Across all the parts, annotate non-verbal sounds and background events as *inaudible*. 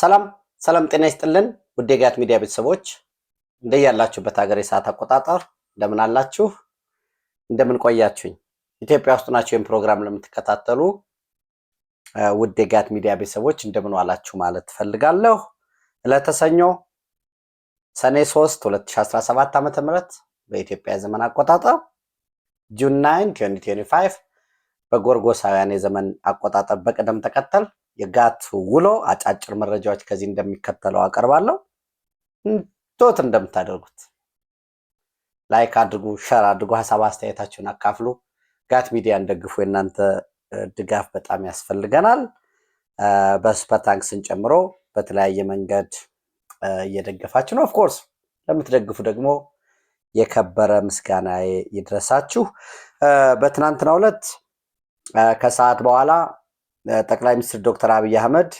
ሰላም ሰላም፣ ጤና ይስጥልን ውድ የጋት ሚዲያ ቤተሰቦች እንደያላችሁበት ሀገር የሰዓት አቆጣጠር እንደምን አላችሁ? እንደምን ቆያችሁኝ? ኢትዮጵያ ውስጥ ናቸው ወይም ፕሮግራም ለምትከታተሉ ውድ የጋት ሚዲያ ቤተሰቦች እንደምን ዋላችሁ ማለት ትፈልጋለሁ። ለተሰኞ ሰኔ 3 2017 ዓ.ም በኢትዮጵያ የዘመን አቆጣጠር ጁን 9 2025 በጎርጎሳውያን የዘመን አቆጣጠር በቅደም ተከተል የጋት ውሎ አጫጭር መረጃዎች ከዚህ እንደሚከተለው አቀርባለሁ። እንዶት እንደምታደርጉት ላይክ አድርጉ፣ ሸር አድርጉ፣ ሀሳብ አስተያየታችሁን አካፍሉ። ጋት ሚዲያን ደግፉ። የእናንተ ድጋፍ በጣም ያስፈልገናል። በሱፐር ታንክስን ጨምሮ በተለያየ መንገድ እየደገፋችሁ ነው። ኦፍኮርስ ለምትደግፉ ደግሞ የከበረ ምስጋና ይድረሳችሁ። በትናንትናው ዕለት ከሰዓት በኋላ ጠቅላይ ሚኒስትር ዶክተር አብይ አህመድ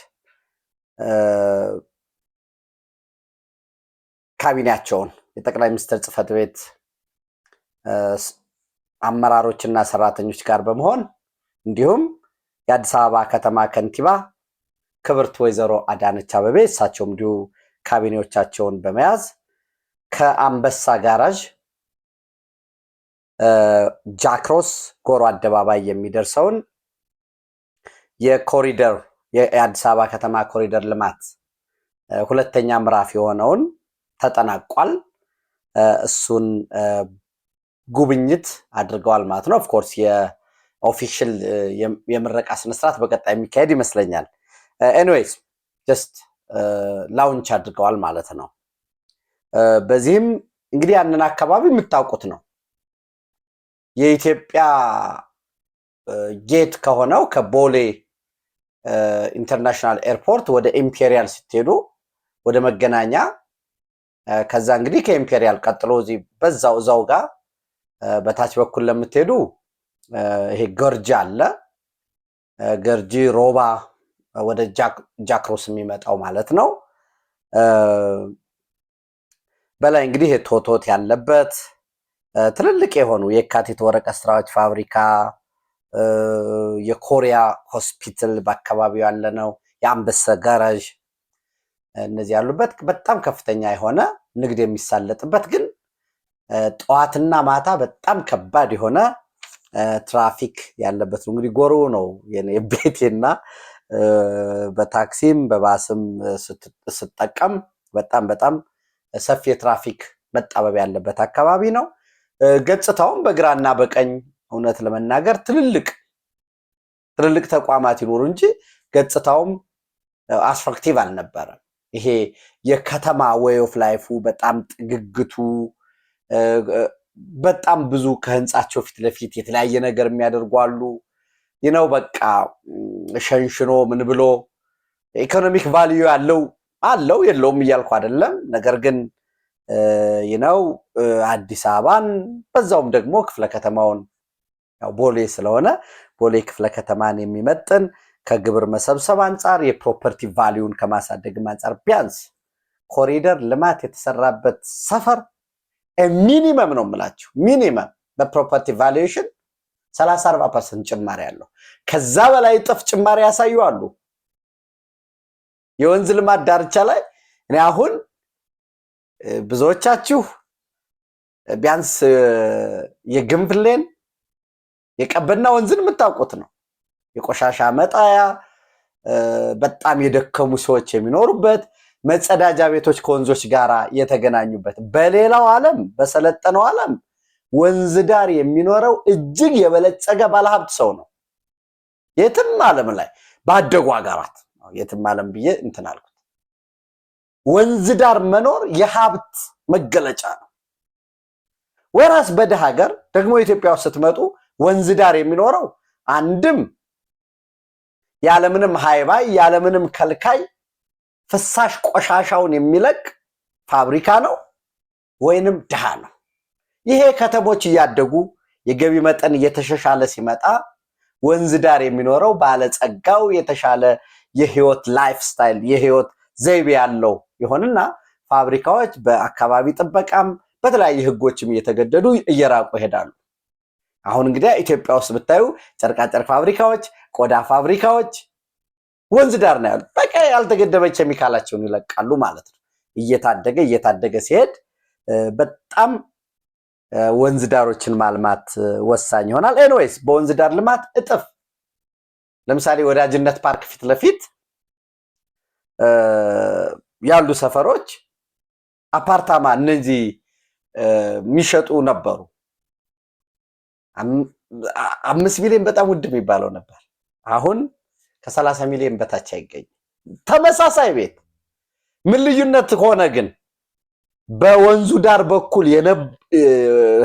ካቢኔያቸውን የጠቅላይ ሚኒስትር ጽህፈት ቤት አመራሮችና ሰራተኞች ጋር በመሆን እንዲሁም የአዲስ አበባ ከተማ ከንቲባ ክብርት ወይዘሮ አዳነች አበቤ እሳቸውም እንዲሁ ካቢኔዎቻቸውን በመያዝ ከአንበሳ ጋራዥ ጃክሮስ ጎሮ አደባባይ የሚደርሰውን የኮሪደር የአዲስ አበባ ከተማ ኮሪደር ልማት ሁለተኛ ምዕራፍ የሆነውን ተጠናቋል። እሱን ጉብኝት አድርገዋል ማለት ነው። ኦፍኮርስ የኦፊሽል የምረቃ ስነስርዓት በቀጣይ የሚካሄድ ይመስለኛል። ኤኒዌይስ ጀስት ላውንች አድርገዋል ማለት ነው። በዚህም እንግዲህ ያንን አካባቢ የምታውቁት ነው። የኢትዮጵያ ጌት ከሆነው ከቦሌ ኢንተርናሽናል ኤርፖርት ወደ ኢምፔሪያል ስትሄዱ ወደ መገናኛ ከዛ እንግዲህ ከኢምፔሪያል ቀጥሎ እዚህ በዛው እዛው ጋር በታች በኩል ለምትሄዱ ይሄ ገርጂ አለ። ገርጂ ሮባ ወደ ጃክሮስ የሚመጣው ማለት ነው። በላይ እንግዲህ ቶቶት ያለበት ትልልቅ የሆኑ የካቲት ወረቀት ስራዎች ፋብሪካ የኮሪያ ሆስፒታል በአካባቢው ያለ ነው፣ የአንበሳ ጋራዥ እነዚህ ያሉበት በጣም ከፍተኛ የሆነ ንግድ የሚሳለጥበት ግን ጠዋትና ማታ በጣም ከባድ የሆነ ትራፊክ ያለበት ነው። እንግዲህ ጎሮ ነው *laughs* ቤቴና በታክሲም በባስም ስጠቀም በጣም በጣም ሰፊ የትራፊክ መጣበብ ያለበት አካባቢ ነው። ገጽታውም በግራና በቀኝ እውነት ለመናገር ትልልቅ ትልልቅ ተቋማት ይኖሩ እንጂ ገጽታውም አስፈክቲቭ አልነበረም። ይሄ የከተማ ወይ ኦፍ ላይፉ በጣም ጥግግቱ፣ በጣም ብዙ ከህንፃቸው ፊት ለፊት የተለያየ ነገር የሚያደርጓሉ ይነው በቃ ሸንሽኖ ምን ብሎ ኢኮኖሚክ ቫልዩ ያለው አለው የለውም እያልኩ አይደለም። ነገር ግን ይነው አዲስ አበባን በዛውም ደግሞ ክፍለ ከተማውን ያው ቦሌ ስለሆነ ቦሌ ክፍለ ከተማን የሚመጥን ከግብር መሰብሰብ አንጻር የፕሮፐርቲ ቫሊዩን ከማሳደግም አንጻር ቢያንስ ኮሪደር ልማት የተሰራበት ሰፈር ሚኒመም ነው የምላችሁ ሚኒመም በፕሮፐርቲ ቫሊዩሽን 34 ፐርሰንት ጭማሪ አለው። ከዛ በላይ እጥፍ ጭማሪ ያሳዩ አሉ። የወንዝ ልማት ዳርቻ ላይ እኔ አሁን ብዙዎቻችሁ ቢያንስ የግንብሌን የቀበና ወንዝን የምታውቁት ነው። የቆሻሻ መጣያ፣ በጣም የደከሙ ሰዎች የሚኖሩበት መጸዳጃ ቤቶች ከወንዞች ጋር የተገናኙበት። በሌላው ዓለም በሰለጠነው ዓለም ወንዝ ዳር የሚኖረው እጅግ የበለጸገ ባለሀብት ሰው ነው። የትም ዓለም ላይ ባደጉ ሀገራት የትም ዓለም ብዬ እንትን አልኩት። ወንዝ ዳር መኖር የሀብት መገለጫ ነው። ወራስ በድሃ ሀገር ደግሞ ኢትዮጵያ ውስጥ ስትመጡ ወንዝ ዳር የሚኖረው አንድም ያለምንም ሀይባይ ያለምንም ከልካይ ፍሳሽ ቆሻሻውን የሚለቅ ፋብሪካ ነው ወይንም ድሃ ነው። ይሄ ከተሞች እያደጉ የገቢ መጠን እየተሻሻለ ሲመጣ ወንዝ ዳር የሚኖረው ባለጸጋው የተሻለ የህይወት ላይፍ ስታይል የህይወት ዘይቤ ያለው ይሆንና ፋብሪካዎች በአካባቢ ጥበቃም በተለያዩ ህጎችም እየተገደዱ እየራቁ ይሄዳሉ። አሁን እንግዲያ ኢትዮጵያ ውስጥ ብታዩ ጨርቃጨርቅ ፋብሪካዎች፣ ቆዳ ፋብሪካዎች ወንዝ ዳር ነው ያሉት። በቃ ያልተገደበ ኬሚካላቸውን ይለቃሉ ማለት ነው። እየታደገ እየታደገ ሲሄድ በጣም ወንዝ ዳሮችን ማልማት ወሳኝ ይሆናል። ኤንዌይስ በወንዝ ዳር ልማት እጥፍ ለምሳሌ ወዳጅነት ፓርክ ፊት ለፊት ያሉ ሰፈሮች አፓርታማ እነዚህ የሚሸጡ ነበሩ። አምስት ሚሊዮን በጣም ውድ የሚባለው ነበር። አሁን ከሰላሳ ሚሊዮን በታች አይገኝ ተመሳሳይ ቤት ምን ልዩነት ከሆነ ግን በወንዙ ዳር በኩል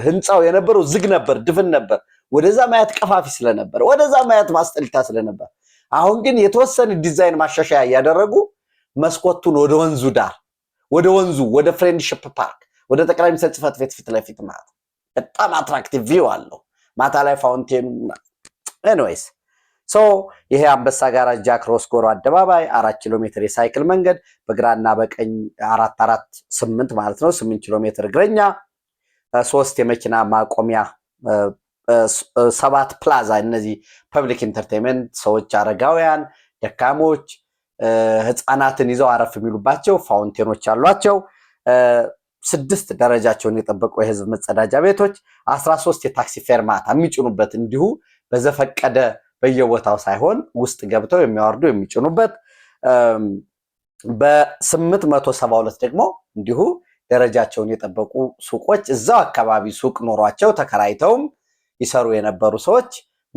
ህንፃው የነበረው ዝግ ነበር፣ ድፍን ነበር። ወደዛ ማየት ቀፋፊ ስለነበር፣ ወደዛ ማየት ማስጠልታ ስለነበር፣ አሁን ግን የተወሰነ ዲዛይን ማሻሻያ እያደረጉ መስኮቱን ወደ ወንዙ ዳር ወደ ወንዙ ወደ ፍሬንድሽፕ ፓርክ ወደ ጠቅላይ ሚኒስትር ጽሕፈት ቤት ፊት ለፊት ማለት በጣም አትራክቲቭ ቪው አለው። ማታ ላይ ፋውንቴኑ ኤንዌይስ ሶ ይሄ አንበሳ ጋራጅ ጃክ ሮስኮሮ አደባባይ አራት ኪሎ ሜትር የሳይክል መንገድ በግራና በቀኝ አራት አራት ስምንት ማለት ነው። ስምንት ኪሎ ሜትር እግረኛ፣ ሶስት የመኪና ማቆሚያ፣ ሰባት ፕላዛ። እነዚህ ፐብሊክ ኢንተርቴንመንት ሰዎች፣ አረጋውያን፣ ደካሞች፣ ህፃናትን ይዘው አረፍ የሚሉባቸው ፋውንቴኖች አሏቸው። ስድስት ደረጃቸውን የጠበቁ የህዝብ መጸዳጃ ቤቶች፣ አስራ ሶስት የታክሲ ፌርማታ የሚጭኑበት እንዲሁ በዘፈቀደ በየቦታው ሳይሆን ውስጥ ገብተው የሚያወርዱ የሚጭኑበት፣ በስምንት መቶ ሰባ ሁለት ደግሞ እንዲሁ ደረጃቸውን የጠበቁ ሱቆች እዛው አካባቢ ሱቅ ኖሯቸው ተከራይተውም ይሰሩ የነበሩ ሰዎች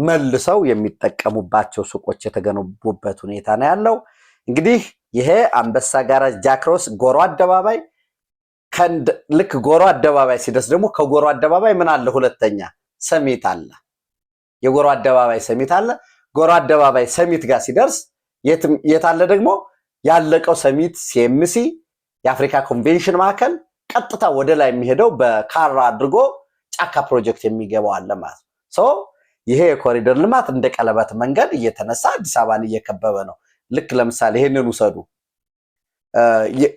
መልሰው የሚጠቀሙባቸው ሱቆች የተገነቡበት ሁኔታ ነው ያለው። እንግዲህ ይሄ አንበሳ ጋራጅ፣ ጃክሮስ፣ ጎሮ አደባባይ ልክ ጎሮ አደባባይ ሲደርስ ደግሞ ከጎሮ አደባባይ ምን አለ? ሁለተኛ ሰሚት አለ። የጎሮ አደባባይ ሰሚት አለ። ጎሮ አደባባይ ሰሚት ጋር ሲደርስ የት አለ ደግሞ? ያለቀው ሰሚት ሲኤምሲ፣ የአፍሪካ ኮንቬንሽን ማዕከል፣ ቀጥታ ወደ ላይ የሚሄደው በካራ አድርጎ ጫካ ፕሮጀክት የሚገባው አለ ማለት ነው። ይሄ የኮሪደር ልማት እንደ ቀለበት መንገድ እየተነሳ አዲስ አበባን እየከበበ ነው። ልክ ለምሳሌ ይሄንን ውሰዱ።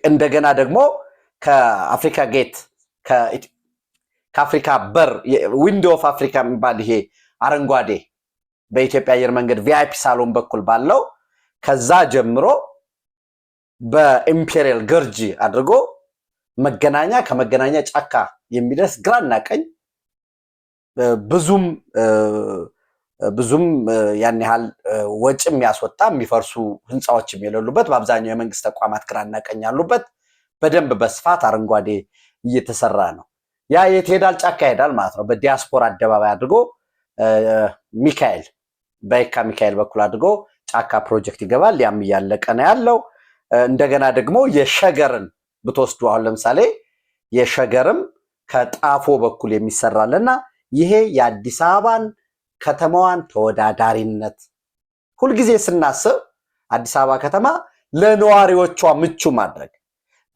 እንደገና ደግሞ ከአፍሪካ ጌት ከአፍሪካ በር ዊንዶ ኦፍ አፍሪካ የሚባል ይሄ አረንጓዴ በኢትዮጵያ አየር መንገድ ቪአይፒ ሳሎን በኩል ባለው ከዛ ጀምሮ በኢምፔሪያል ገርጂ አድርጎ መገናኛ ከመገናኛ ጫካ የሚደርስ ግራና ቀኝ ብዙም ብዙም ያን ያህል ወጪ የሚያስወጣ የሚፈርሱ ህንፃዎችም የሌሉበት በአብዛኛው የመንግስት ተቋማት ግራና ቀኝ ያሉበት በደንብ በስፋት አረንጓዴ እየተሰራ ነው። ያ የት ሄዳል? ጫካ ሄዳል ማለት ነው። በዲያስፖራ አደባባይ አድርጎ ሚካኤል በይካ ሚካኤል በኩል አድርጎ ጫካ ፕሮጀክት ይገባል። ያም እያለቀ ነው ያለው። እንደገና ደግሞ የሸገርን ብትወስዱ አሁን ለምሳሌ የሸገርም ከጣፎ በኩል የሚሰራልና ይሄ የአዲስ አበባን ከተማዋን ተወዳዳሪነት ሁልጊዜ ስናስብ አዲስ አበባ ከተማ ለነዋሪዎቿ ምቹ ማድረግ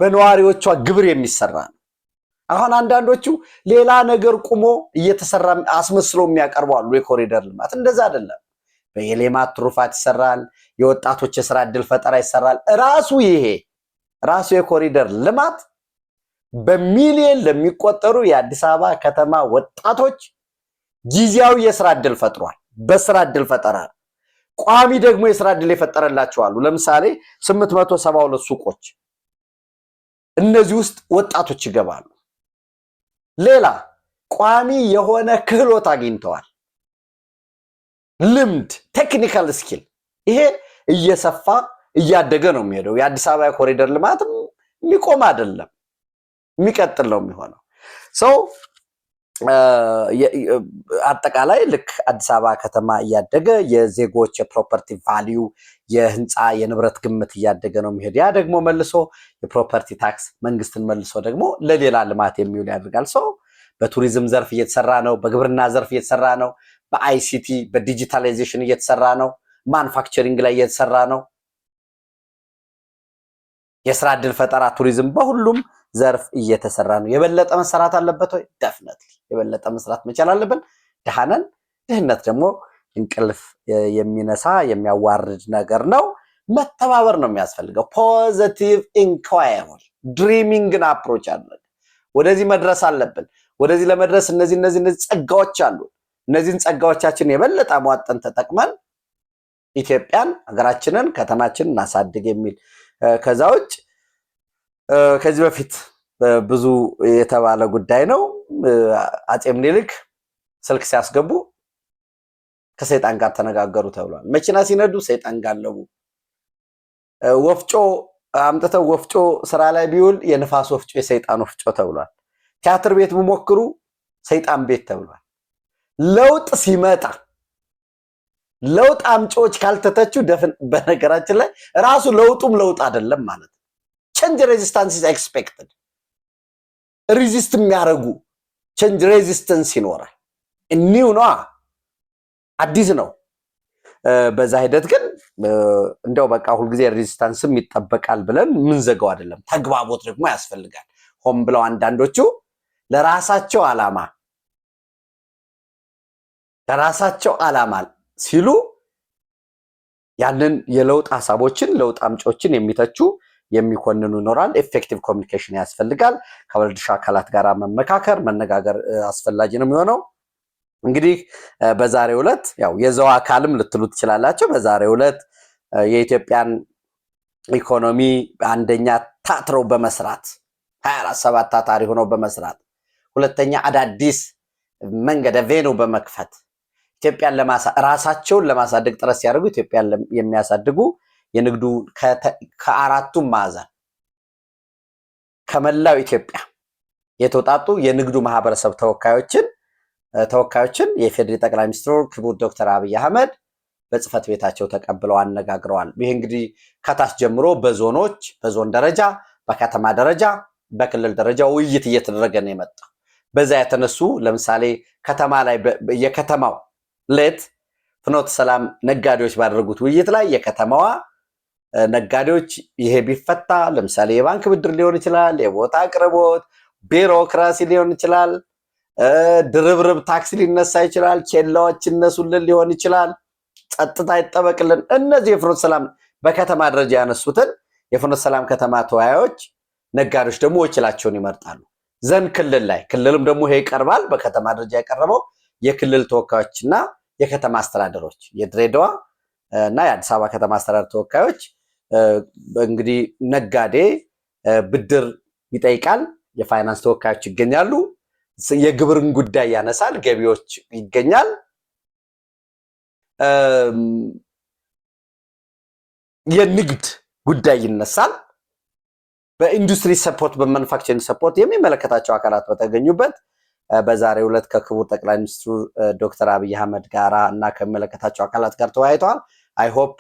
በነዋሪዎቿ ግብር የሚሰራ ነው። አሁን አንዳንዶቹ ሌላ ነገር ቁሞ እየተሰራ አስመስሎ የሚያቀርቡ አሉ። የኮሪደር ልማት እንደዛ አይደለም። የሌማት ትሩፋት ይሰራል። የወጣቶች የስራ እድል ፈጠራ ይሰራል። ራሱ ይሄ ራሱ የኮሪደር ልማት በሚሊየን ለሚቆጠሩ የአዲስ አበባ ከተማ ወጣቶች ጊዜያዊ የስራ እድል ፈጥሯል። በስራ እድል ፈጠራ ቋሚ ደግሞ የስራ እድል የፈጠረላቸዋሉ። ለምሳሌ 872 ሱቆች እነዚህ ውስጥ ወጣቶች ይገባሉ። ሌላ ቋሚ የሆነ ክህሎት አግኝተዋል። ልምድ፣ ቴክኒካል ስኪል ይሄ እየሰፋ እያደገ ነው የሚሄደው። የአዲስ አበባ ኮሪደር ልማትም የሚቆም አይደለም፣ የሚቀጥል ነው የሚሆነው ሰው አጠቃላይ ልክ አዲስ አበባ ከተማ እያደገ የዜጎች የፕሮፐርቲ ቫሊዩ የህንፃ የንብረት ግምት እያደገ ነው የሚሄድ። ያ ደግሞ መልሶ የፕሮፐርቲ ታክስ መንግስትን መልሶ ደግሞ ለሌላ ልማት የሚውል ያደርጋል። ሰው በቱሪዝም ዘርፍ እየተሰራ ነው፣ በግብርና ዘርፍ እየተሰራ ነው፣ በአይሲቲ በዲጂታላይዜሽን እየተሰራ ነው፣ ማኑፋክቸሪንግ ላይ እየተሰራ ነው። የስራ ዕድል ፈጠራ፣ ቱሪዝም በሁሉም ዘርፍ እየተሰራ ነው። የበለጠ መሰራት አለበት ወይ? ደፍነትሊ የበለጠ መስራት መቻል አለብን። ድሃነን ድህነት ደግሞ እንቅልፍ የሚነሳ የሚያዋርድ ነገር ነው። መተባበር ነው የሚያስፈልገው። ፖዘቲቭ ኢንኳየር ድሪሚንግን አፕሮች አድረግ። ወደዚህ መድረስ አለብን። ወደዚህ ለመድረስ እነዚህ እነዚህ እነዚህ ጸጋዎች አሉ። እነዚህን ጸጋዎቻችን የበለጠ አሟጠን ተጠቅመን ኢትዮጵያን ሀገራችንን ከተማችን እናሳድግ የሚል ከዛ ውጭ ከዚህ በፊት ብዙ የተባለ ጉዳይ ነው። አፄ ምኒልክ ስልክ ሲያስገቡ ከሰይጣን ጋር ተነጋገሩ ተብሏል። መኪና ሲነዱ ሰይጣን ጋለቡ። ወፍጮ አምጥተው ወፍጮ ስራ ላይ ቢውል የንፋስ ወፍጮ የሰይጣን ወፍጮ ተብሏል። ቲያትር ቤት ቢሞክሩ ሰይጣን ቤት ተብሏል። ለውጥ ሲመጣ ለውጥ አምጪዎች ካልተተቹ፣ በነገራችን ላይ ራሱ ለውጡም ለውጥ አይደለም ማለት ነው። ቸንጅ ሬዚስታንስ ኢዝ ኤክስፔክትድ። ሪዚስት የሚያደርጉ ቼንጅ ሬዚስተንስ ይኖራል። እኒው ነዋ አዲስ ነው። በዛ ሂደት ግን እንደው በቃ ሁልጊዜ ሬዚስታንስም ይጠበቃል ብለን ምንዘገው አይደለም። ተግባቦት ደግሞ ያስፈልጋል። ሆን ብለው አንዳንዶቹ ለራሳቸው ዓላማ ለራሳቸው አላማ ሲሉ ያንን የለውጥ ሀሳቦችን ለውጥ አምጮችን የሚተቹ የሚኮንኑ ይኖራል። ኤፌክቲቭ ኮሚኒኬሽን ያስፈልጋል። ከባለድርሻ አካላት ጋር መመካከር፣ መነጋገር አስፈላጊ ነው የሚሆነው። እንግዲህ በዛሬው ዕለት ያው የዘው አካልም ልትሉ ትችላላቸው። በዛሬው ዕለት የኢትዮጵያን ኢኮኖሚ አንደኛ ታትረው በመስራት 247 ሰባት ታታሪ ሆነው በመስራት ሁለተኛ አዳዲስ መንገድ ቬኑ በመክፈት ኢትዮጵያን ራሳቸውን ለማሳደግ ጥረት ሲያደርጉ ኢትዮጵያን የሚያሳድጉ የንግዱ ከአራቱም ማዕዘን ከመላው ኢትዮጵያ የተውጣጡ የንግዱ ማህበረሰብ ተወካዮችን ተወካዮችን የፌዴሪ ጠቅላይ ሚኒስትሩ ክቡር ዶክተር አብይ አህመድ በጽህፈት ቤታቸው ተቀብለው አነጋግረዋል። ይህ እንግዲህ ከታች ጀምሮ በዞኖች በዞን ደረጃ በከተማ ደረጃ በክልል ደረጃ ውይይት እየተደረገ ነው የመጣው። በዛ የተነሱ ለምሳሌ ከተማ ላይ የከተማው ሌት ፍኖተ ሰላም ነጋዴዎች ባደረጉት ውይይት ላይ የከተማዋ ነጋዴዎች ይሄ ቢፈታ ለምሳሌ የባንክ ብድር ሊሆን ይችላል፣ የቦታ አቅርቦት፣ ቢሮክራሲ ሊሆን ይችላል፣ ድርብርብ ታክስ ሊነሳ ይችላል፣ ኬላዎች ይነሱልን ሊሆን ይችላል፣ ጸጥታ ይጠበቅልን። እነዚህ የፍኖተ ሰላም በከተማ ደረጃ ያነሱትን የፍኖተ ሰላም ከተማ ተወያዮች ነጋዴዎች ደግሞ ወኪላቸውን ይመርጣሉ። ዘን ክልል ላይ ክልልም ደግሞ ይሄ ይቀርባል። በከተማ ደረጃ የቀረበው የክልል ተወካዮችና የከተማ አስተዳደሮች የድሬዳዋ እና የአዲስ አበባ ከተማ አስተዳደር ተወካዮች እንግዲህ ነጋዴ ብድር ይጠይቃል። የፋይናንስ ተወካዮች ይገኛሉ። የግብርን ጉዳይ ያነሳል። ገቢዎች ይገኛል። የንግድ ጉዳይ ይነሳል። በኢንዱስትሪ ሰፖርት፣ በማኑፋክቸሪንግ ሰፖርት የሚመለከታቸው አካላት በተገኙበት በዛሬ ዕለት ከክቡር ጠቅላይ ሚኒስትሩ ዶክተር አብይ አህመድ ጋራ እና ከሚመለከታቸው አካላት ጋር ተወያይተዋል። አይሆፕ።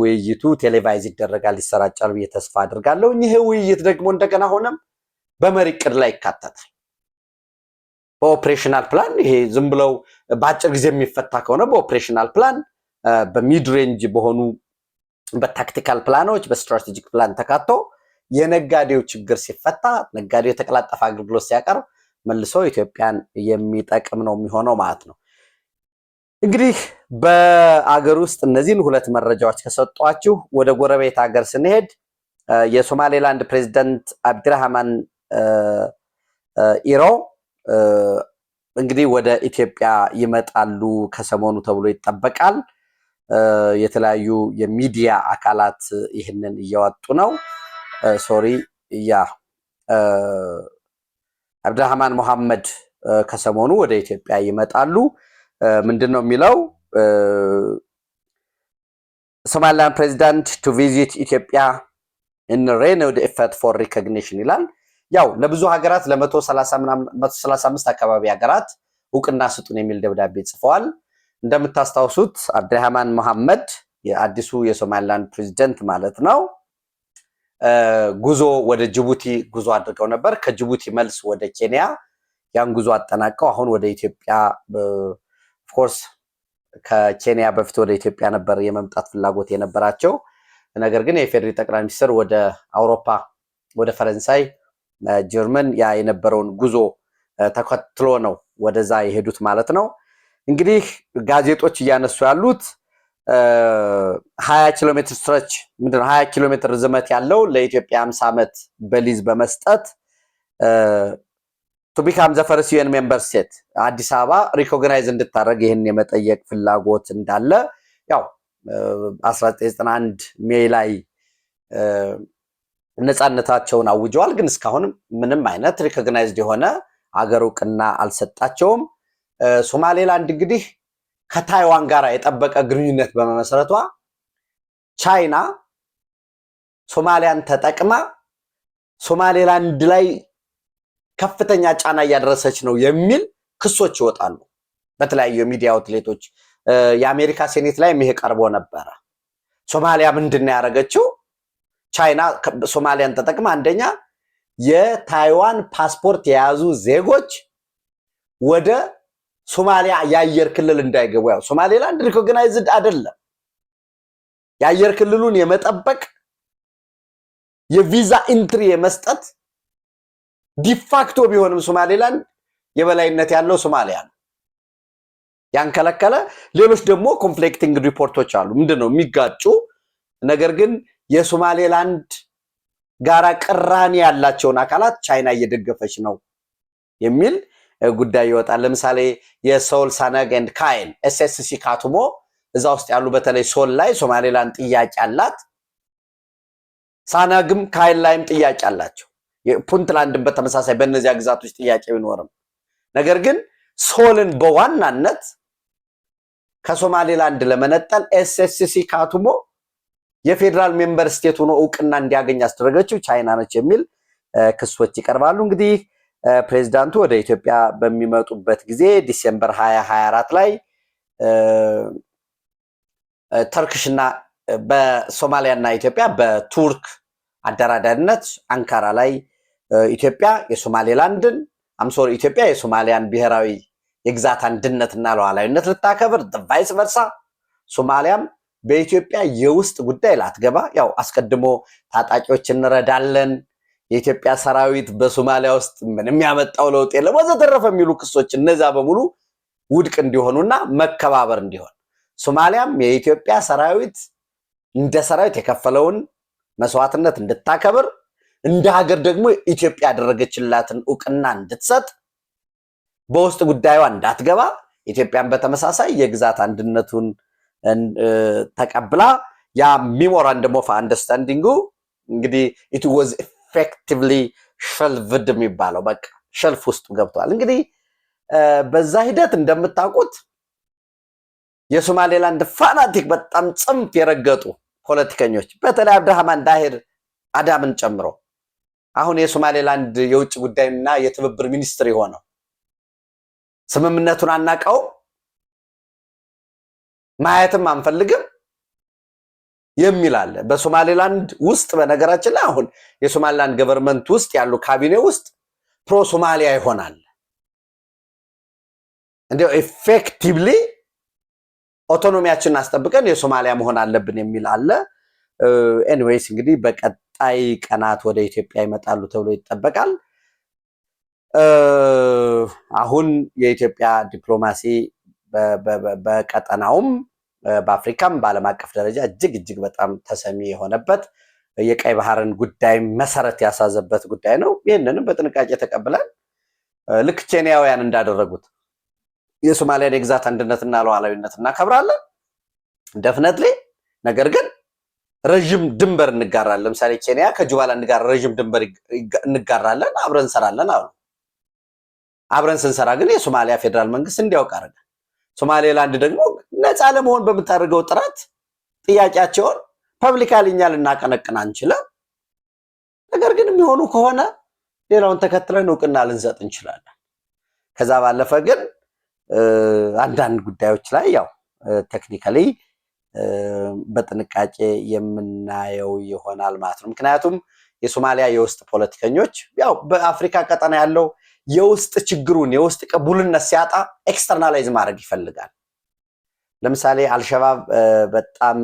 ውይይቱ ቴሌቫይዝ ይደረጋል፣ ይሰራጫል ብዬ ተስፋ አድርጋለሁ። ይህ ውይይት ደግሞ እንደገና ሆነም በመሪ ዕቅድ ላይ ይካተታል። በኦፕሬሽናል ፕላን ይሄ ዝም ብለው በአጭር ጊዜ የሚፈታ ከሆነ በኦፕሬሽናል ፕላን፣ በሚድ ሬንጅ በሆኑ በታክቲካል ፕላኖች፣ በስትራቴጂክ ፕላን ተካቶ የነጋዴው ችግር ሲፈታ፣ ነጋዴው የተቀላጠፈ አገልግሎት ሲያቀርብ መልሶ ኢትዮጵያን የሚጠቅም ነው የሚሆነው ማለት ነው። እንግዲህ በአገር ውስጥ እነዚህን ሁለት መረጃዎች ከሰጧችሁ ወደ ጎረቤት ሀገር ስንሄድ የሶማሌላንድ ፕሬዚደንት አብድራህማን ኢሮ እንግዲህ ወደ ኢትዮጵያ ይመጣሉ ከሰሞኑ ተብሎ ይጠበቃል። የተለያዩ የሚዲያ አካላት ይህንን እያወጡ ነው። ሶሪ ያ አብድራህማን መሐመድ ከሰሞኑ ወደ ኢትዮጵያ ይመጣሉ። ምንድን ነው የሚለው ሶማሊላንድ ፕሬዚዳንት ቱ ቪዚት ኢትዮጵያ ኢን ሬኒውድ ኢፈርት ፎር ሪኮግኒሽን ይላል። ያው ለብዙ ሀገራት ለ ሰላሳ አምስት አካባቢ ሀገራት እውቅና ስጡን የሚል ደብዳቤ ጽፈዋል። እንደምታስታውሱት አብድርሃማን መሐመድ የአዲሱ የሶማሊላንድ ፕሬዚደንት ማለት ነው ጉዞ ወደ ጅቡቲ ጉዞ አድርገው ነበር። ከጅቡቲ መልስ ወደ ኬንያ ያን ጉዞ አጠናቀው አሁን ወደ ኢትዮጵያ ኦፍኮርስ ከኬንያ በፊት ወደ ኢትዮጵያ ነበር የመምጣት ፍላጎት የነበራቸው። ነገር ግን የፌዴሪ ጠቅላይ ሚኒስትር ወደ አውሮፓ ወደ ፈረንሳይ፣ ጀርመን ያ የነበረውን ጉዞ ተከትሎ ነው ወደዛ የሄዱት ማለት ነው። እንግዲህ ጋዜጦች እያነሱ ያሉት ሀያ ኪሎ ሜትር ስትረች ምንድነው ሀያ ኪሎ ሜትር ዝመት ያለው ለኢትዮጵያ አምሳ ዓመት በሊዝ በመስጠት ቱ ቢካም ዘ ፈርስት ዩኤን ሜምበር ስቴት አዲስ አበባ ሪኮግናይዝ እንድታደረግ ይህን የመጠየቅ ፍላጎት እንዳለ ያው 1991 ሜይ ላይ ነፃነታቸውን አውጀዋል። ግን እስካሁን ምንም አይነት ሪኮግናይዝድ የሆነ አገር እውቅና አልሰጣቸውም። ሶማሌላንድ እንግዲህ ከታይዋን ጋር የጠበቀ ግንኙነት በመመስረቷ ቻይና ሶማሊያን ተጠቅማ ሶማሌላንድ ላይ ከፍተኛ ጫና እያደረሰች ነው የሚል ክሶች ይወጣሉ በተለያዩ የሚዲያ አውትሌቶች። የአሜሪካ ሴኔት ላይ ይሄ ቀርቦ ነበረ። ሶማሊያ ምንድን ነው ያደረገችው? ቻይና ሶማሊያን ተጠቅማ አንደኛ የታይዋን ፓስፖርት የያዙ ዜጎች ወደ ሶማሊያ የአየር ክልል እንዳይገቡ ያው ሶማሌላንድ ሪኮግናይዝድ አይደለም። የአየር ክልሉን የመጠበቅ የቪዛ ኢንትሪ የመስጠት ዲፋክቶ ቢሆንም ሶማሌላንድ የበላይነት ያለው ሶማሊያ ነው። ያንከለከለ ሌሎች ደግሞ ኮንፍሊክቲንግ ሪፖርቶች አሉ። ምንድን ነው የሚጋጩ ነገር ግን የሶማሌላንድ ጋራ ቅራኔ ያላቸውን አካላት ቻይና እየደገፈች ነው የሚል ጉዳይ ይወጣል። ለምሳሌ የሶል ሳነግ ኤንድ ካይል ኤስኤስሲ ካቱሞ እዛ ውስጥ ያሉ በተለይ ሶል ላይ ሶማሌላንድ ጥያቄ አላት። ሳነግም ካይል ላይም ጥያቄ አላቸው። ፑንትላንድን በተመሳሳይ በእነዚያ ግዛቶች ጥያቄ ቢኖርም ነገር ግን ሶልን በዋናነት ከሶማሌላንድ ለመነጠል ኤስኤስሲ ካቱሞ የፌዴራል ሜምበር ስቴት ሆኖ እውቅና እንዲያገኝ ያስደረገችው ቻይና ነች የሚል ክሶች ይቀርባሉ። እንግዲህ ፕሬዚዳንቱ ወደ ኢትዮጵያ በሚመጡበት ጊዜ ዲሴምበር 2024 ላይ ተርክሽና በሶማሊያና ኢትዮጵያ በቱርክ አደራዳሪነት አንካራ ላይ ኢትዮጵያ የሶማሌላንድን አምሶር ኢትዮጵያ የሶማሊያን ብሔራዊ የግዛት አንድነትና ሉዓላዊነት ልታከብር ቫይስ ቨርሳ ሶማሊያም በኢትዮጵያ የውስጥ ጉዳይ ላትገባ ያው አስቀድሞ ታጣቂዎች እንረዳለን የኢትዮጵያ ሰራዊት በሶማሊያ ውስጥ ምንም ያመጣው ለውጥ የለም ወዘተረፈ የሚሉ ክሶች እነዚያ በሙሉ ውድቅ እንዲሆኑና መከባበር እንዲሆን ሶማሊያም የኢትዮጵያ ሰራዊት እንደ ሰራዊት የከፈለውን መስዋዕትነት እንድታከብር እንደ ሀገር ደግሞ ኢትዮጵያ ያደረገችላትን እውቅና እንድትሰጥ በውስጥ ጉዳዩ እንዳትገባ ኢትዮጵያን በተመሳሳይ የግዛት አንድነቱን ተቀብላ ያ ሚሞራንደም ኦፍ አንደርስታንዲንጉ እንግዲህ ኢት ወዝ ኤፌክቲቭሊ ሸልቭድ የሚባለው በቃ ሸልፍ ውስጥ ገብቷል። እንግዲህ በዛ ሂደት እንደምታውቁት የሶማሌላንድ ፋናቲክ በጣም ጽንፍ የረገጡ ፖለቲከኞች በተለይ አብድራህማን ዳሂር አዳምን ጨምሮ አሁን የሶማሌላንድ የውጭ ጉዳይና የትብብር ሚኒስትር የሆነው ስምምነቱን አናቀው ማየትም አንፈልግም የሚል አለ። በሶማሌላንድ ውስጥ በነገራችን ላይ አሁን የሶማሌላንድ ገቨርንመንት ውስጥ ያሉ ካቢኔ ውስጥ ፕሮ ሶማሊያ ይሆናል። እንዲያው ኤፌክቲቭሊ ኦቶኖሚያችንን አስጠብቀን የሶማሊያ መሆን አለብን የሚል አለ። ኤኒዌይስ እንግዲህ በቀጣይ ቀናት ወደ ኢትዮጵያ ይመጣሉ ተብሎ ይጠበቃል። አሁን የኢትዮጵያ ዲፕሎማሲ በቀጠናውም በአፍሪካም በዓለም አቀፍ ደረጃ እጅግ እጅግ በጣም ተሰሚ የሆነበት የቀይ ባህርን ጉዳይ መሰረት ያሳዘበት ጉዳይ ነው። ይህንንም በጥንቃቄ ተቀብለን ልክ ኬንያውያን እንዳደረጉት የሶማሊያን የግዛት አንድነትና ሉዓላዊነት እናከብራለን ደፍነትሌ ነገር ግን ረዥም ድንበር እንጋራለን። ለምሳሌ ኬንያ ከጁባላንድ ጋር ረዥም ድንበር እንጋራለን፣ አብረን እንሰራለን አሉ። አብረን ስንሰራ ግን የሶማሊያ ፌዴራል መንግስት እንዲያውቅ አደረገ። ሶማሌላንድ ደግሞ ነፃ ለመሆን በምታደርገው ጥረት ጥያቄያቸውን ፐብሊካሊ እኛ ልናቀነቅን አንችልም። ነገር ግን የሚሆኑ ከሆነ ሌላውን ተከትለን እውቅና ልንሰጥ እንችላለን። ከዛ ባለፈ ግን አንዳንድ ጉዳዮች ላይ ያው ቴክኒካሊ በጥንቃቄ የምናየው ይሆናል ማለት ነው። ምክንያቱም የሶማሊያ የውስጥ ፖለቲከኞች ያው በአፍሪካ ቀጠና ያለው የውስጥ ችግሩን የውስጥ ቅቡልነት ሲያጣ ኤክስተርናላይዝ ማድረግ ይፈልጋል። ለምሳሌ አልሸባብ በጣም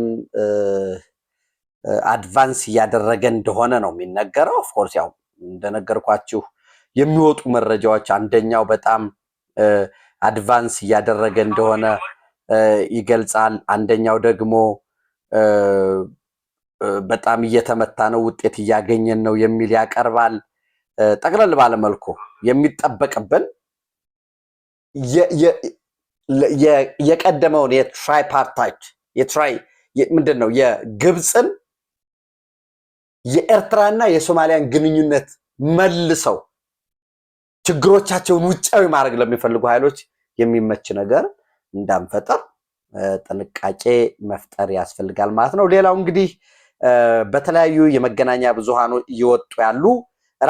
አድቫንስ እያደረገ እንደሆነ ነው የሚነገረው። ኦፍኮርስ ያው እንደነገርኳችሁ የሚወጡ መረጃዎች አንደኛው በጣም አድቫንስ እያደረገ እንደሆነ ይገልጻል። አንደኛው ደግሞ በጣም እየተመታ ነው፣ ውጤት እያገኘን ነው የሚል ያቀርባል። ጠቅለል ባለመልኩ የሚጠበቅብን የቀደመውን የትራይፓርታይት የትራይ ምንድን ነው የግብፅን የኤርትራና የሶማሊያን ግንኙነት መልሰው ችግሮቻቸውን ውጫዊ ማድረግ ለሚፈልጉ ኃይሎች የሚመች ነገር እንዳንፈጥር ጥንቃቄ መፍጠር ያስፈልጋል ማለት ነው። ሌላው እንግዲህ በተለያዩ የመገናኛ ብዙሃን እየወጡ ያሉ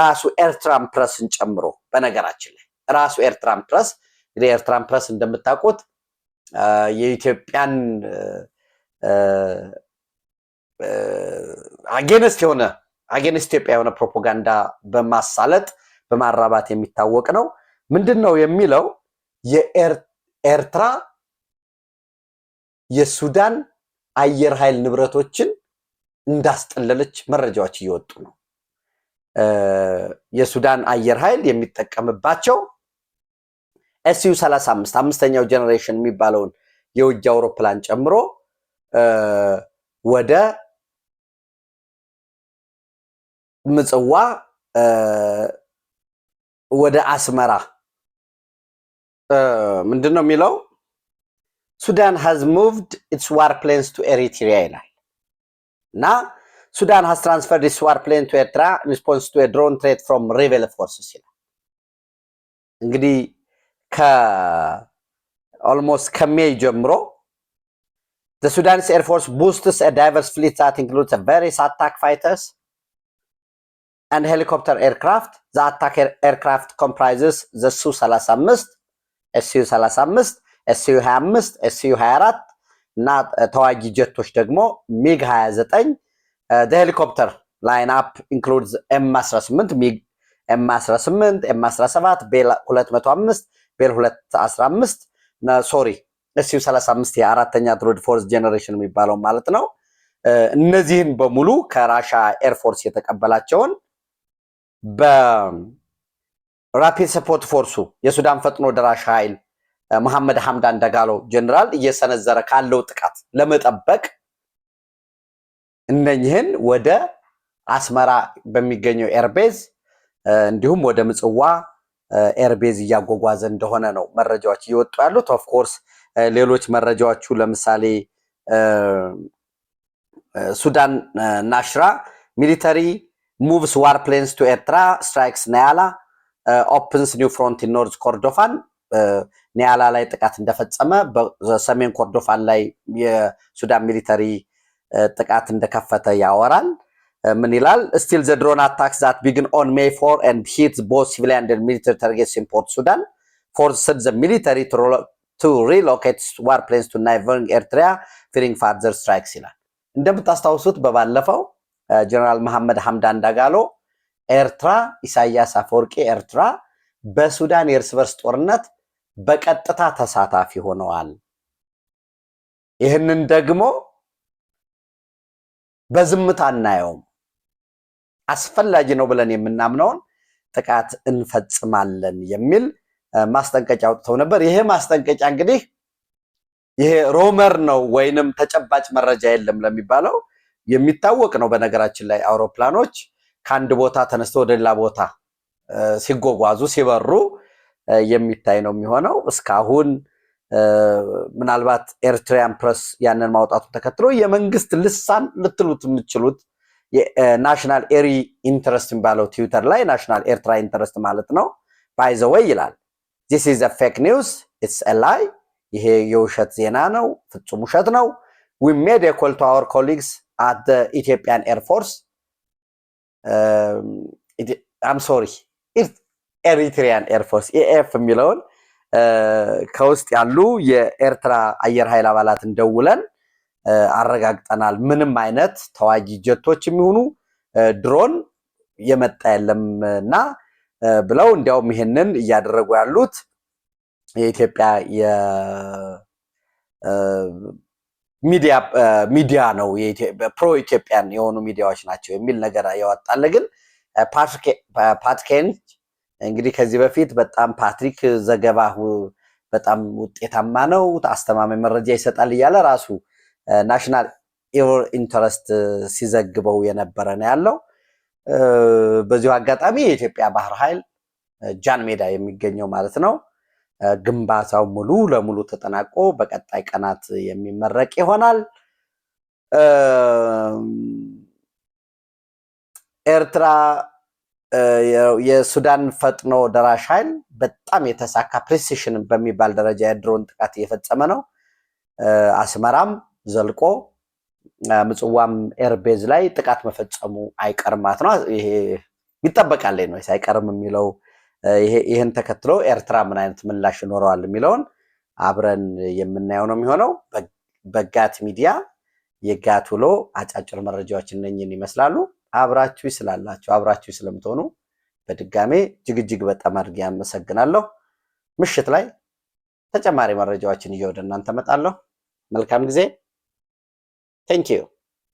ራሱ ኤርትራን ፕረስን ጨምሮ በነገራችን ላይ ራሱ ኤርትራን ፕረስ እንግዲህ ኤርትራን ፕረስ እንደምታውቁት የኢትዮጵያን አጌንስት የሆነ አጌንስት ኢትዮጵያ የሆነ ፕሮፓጋንዳ በማሳለጥ በማራባት የሚታወቅ ነው። ምንድን ነው የሚለው ኤርትራ የሱዳን አየር ኃይል ንብረቶችን እንዳስጠለለች መረጃዎች እየወጡ ነው። የሱዳን አየር ኃይል የሚጠቀምባቸው ኤስዩ 35 አምስተኛው ጀኔሬሽን የሚባለውን የውጊ አውሮፕላን ጨምሮ ወደ ምጽዋ ወደ አስመራ ምንድን ነው የሚለው? ሱዳን ሃዝ ሙቭድ ኢትስ ዋር ፕሌንስ ቱ ኤሪትሪያ ይላል እና ሱዳን ሃዝ ትራንስፈርድ ኢትስ ዋር ፕሌን ቱ ኤርትራ ሪስፖንስ ቱ ድሮን ትሬት ፍሮም ሪቨል ፎርስስ ይላል። እንግዲህ ከኦልሞስት ከሜይ ጀምሮ ሱዳንስ ኤርፎርስ ቡስትስ ዳይቨርስ ፍሊት ዛት ኢንክሉድስ ቬሪየስ አታክ ፋይተርስ አንድ ሄሊኮፕተር ኤርክራፍት ዘ አታክ ኤርክራፍት ኮምፕራይዝስ ዘ ሱ 35 ኤስዩ 35 ኤስዩ 25 ኤስዩ 24 እና ተዋጊ ጀቶች ደግሞ ሚግ 29 ሄሊኮፕተር ላይን አፕ ኤም 18 ሚግ ኤም 18 ኤም 17 ቤል 205 ቤል 215 ሶሪ ኤስዩ 35 የአራተኛ ትውልድ ፎርስ ጄኔሬሽን የሚባለው ማለት ነው። እነዚህን በሙሉ ከራሻ ኤርፎርስ የተቀበላቸውን በ ራፒድ ሰፖርት ፎርሱ የሱዳን ፈጥኖ ደራሽ ኃይል መሐመድ ሐምዳን ደጋሎ ጀኔራል እየሰነዘረ ካለው ጥቃት ለመጠበቅ እነኝህን ወደ አስመራ በሚገኘው ኤርቤዝ እንዲሁም ወደ ምጽዋ ኤርቤዝ እያጓጓዘ እንደሆነ ነው መረጃዎች እየወጡ ያሉት። ኦፍኮርስ ሌሎች መረጃዎቹ ለምሳሌ ሱዳን ናሽራ ሚሊተሪ ሙቭስ ዋር ፕሌንስ ቱ ኤርትራ ስትራይክስ ናያላ ኦፕንስ ኒው ፍሮንት ኖርዝ ኮርዶፋን ኒያላ ላይ ጥቃት እንደፈጸመ በሰሜን ኮርዶፋን ላይ የሱዳን ሚሊተሪ uh, ጥቃት እንደከፈተ ያወራል። uh, ምን ይላል? ስቲል ዘ ድሮን አታክስ ዛት ቢግን ኦን ሜይ ፎር ኤንድ ሂት ቦዝ ሲቪሊያን ኤንድ ሚሊተሪ ታርጌትስ ኢን ፖርት ሱዳን ፎርስድ ዘ ሚሊተሪ ቱ ሪሎኬት ዋር ፕሌንስ ቱ ናይቨርን ኤርትሪያ ፊሪንግ ፋርዘር ስትራይክስ ይላል። እንደምታስታውሱት በባለፈው uh, ጀነራል መሐመድ ሐምዳን ዳጋሎ ኤርትራ ኢሳያስ አፈወርቂ ኤርትራ በሱዳን የእርስ በርስ ጦርነት በቀጥታ ተሳታፊ ሆነዋል። ይህንን ደግሞ በዝምታ እናየውም አስፈላጊ ነው ብለን የምናምነውን ጥቃት እንፈጽማለን የሚል ማስጠንቀቂያ አውጥተው ነበር። ይሄ ማስጠንቀቂያ እንግዲህ ይሄ ሮመር ነው ወይንም ተጨባጭ መረጃ የለም ለሚባለው የሚታወቅ ነው። በነገራችን ላይ አውሮፕላኖች ከአንድ ቦታ ተነስተው ወደ ሌላ ቦታ ሲጓጓዙ ሲበሩ የሚታይ ነው የሚሆነው። እስካሁን ምናልባት ኤርትሪያን ፕረስ ያንን ማውጣቱን ተከትሎ የመንግስት ልሳን ልትሉት የምትችሉት ናሽናል ኤሪ ኢንትረስት የሚባለው ትዊተር ላይ ናሽናል ኤርትራ ኢንትረስት ማለት ነው ባይዘወይ ይላል። ዚስ ኢዝ ፌክ ኒውስ ኢትስ ላይ ይሄ የውሸት ዜና ነው፣ ፍጹም ውሸት ነው። ዊ ሜድ የኮልቱ አወር ኮሊግስ አት ኢትዮጵያን ኤርፎርስ አም ሶሪ ኤሪትሪያን ኤርፎርስ ኤኤፍ የሚለውን uh, ከውስጥ ያሉ የኤርትራ አየር ኃይል አባላትን ደውለን uh, አረጋግጠናል። ምንም አይነት ተዋጊ ጀቶች የሚሆኑ uh, ድሮን የመጣ የለም እና ብለው እንዲያውም ይህንን እያደረጉ ያሉት የኢትዮጵያ ሚዲያ ነው ፕሮ ኢትዮጵያን የሆኑ ሚዲያዎች ናቸው የሚል ነገር ያወጣለ። ግን ፓትኬንች እንግዲህ ከዚህ በፊት በጣም ፓትሪክ ዘገባ በጣም ውጤታማ ነው፣ አስተማማኝ መረጃ ይሰጣል እያለ ራሱ ናሽናል ኤሮር ኢንተረስት ሲዘግበው የነበረ ነው ያለው። በዚሁ አጋጣሚ የኢትዮጵያ ባህር ኃይል ጃን ሜዳ የሚገኘው ማለት ነው ግንባታው ሙሉ ለሙሉ ተጠናቆ በቀጣይ ቀናት የሚመረቅ ይሆናል። ኤርትራ የሱዳን ፈጥኖ ደራሽ ኃይል በጣም የተሳካ ፕሪሲሽን በሚባል ደረጃ የድሮን ጥቃት እየፈጸመ ነው። አስመራም ዘልቆ ምጽዋም ኤርቤዝ ላይ ጥቃት መፈጸሙ አይቀርማት ነው። ይሄ ይጠበቃል ነው ሳይቀርም የሚለው ይህን ተከትሎ ኤርትራ ምን አይነት ምላሽ ይኖረዋል የሚለውን አብረን የምናየው ነው የሚሆነው። በጋት ሚዲያ የጋት ውሎ አጫጭር መረጃዎች እነኝን ይመስላሉ። አብራችሁ ስላላችሁ አብራችሁ ስለምትሆኑ በድጋሜ እጅግ በጣም አድርጌ አመሰግናለሁ። ምሽት ላይ ተጨማሪ መረጃዎችን ይዤ ወደ እናንተ እመጣለሁ። መልካም ጊዜ። ቴንኪዩ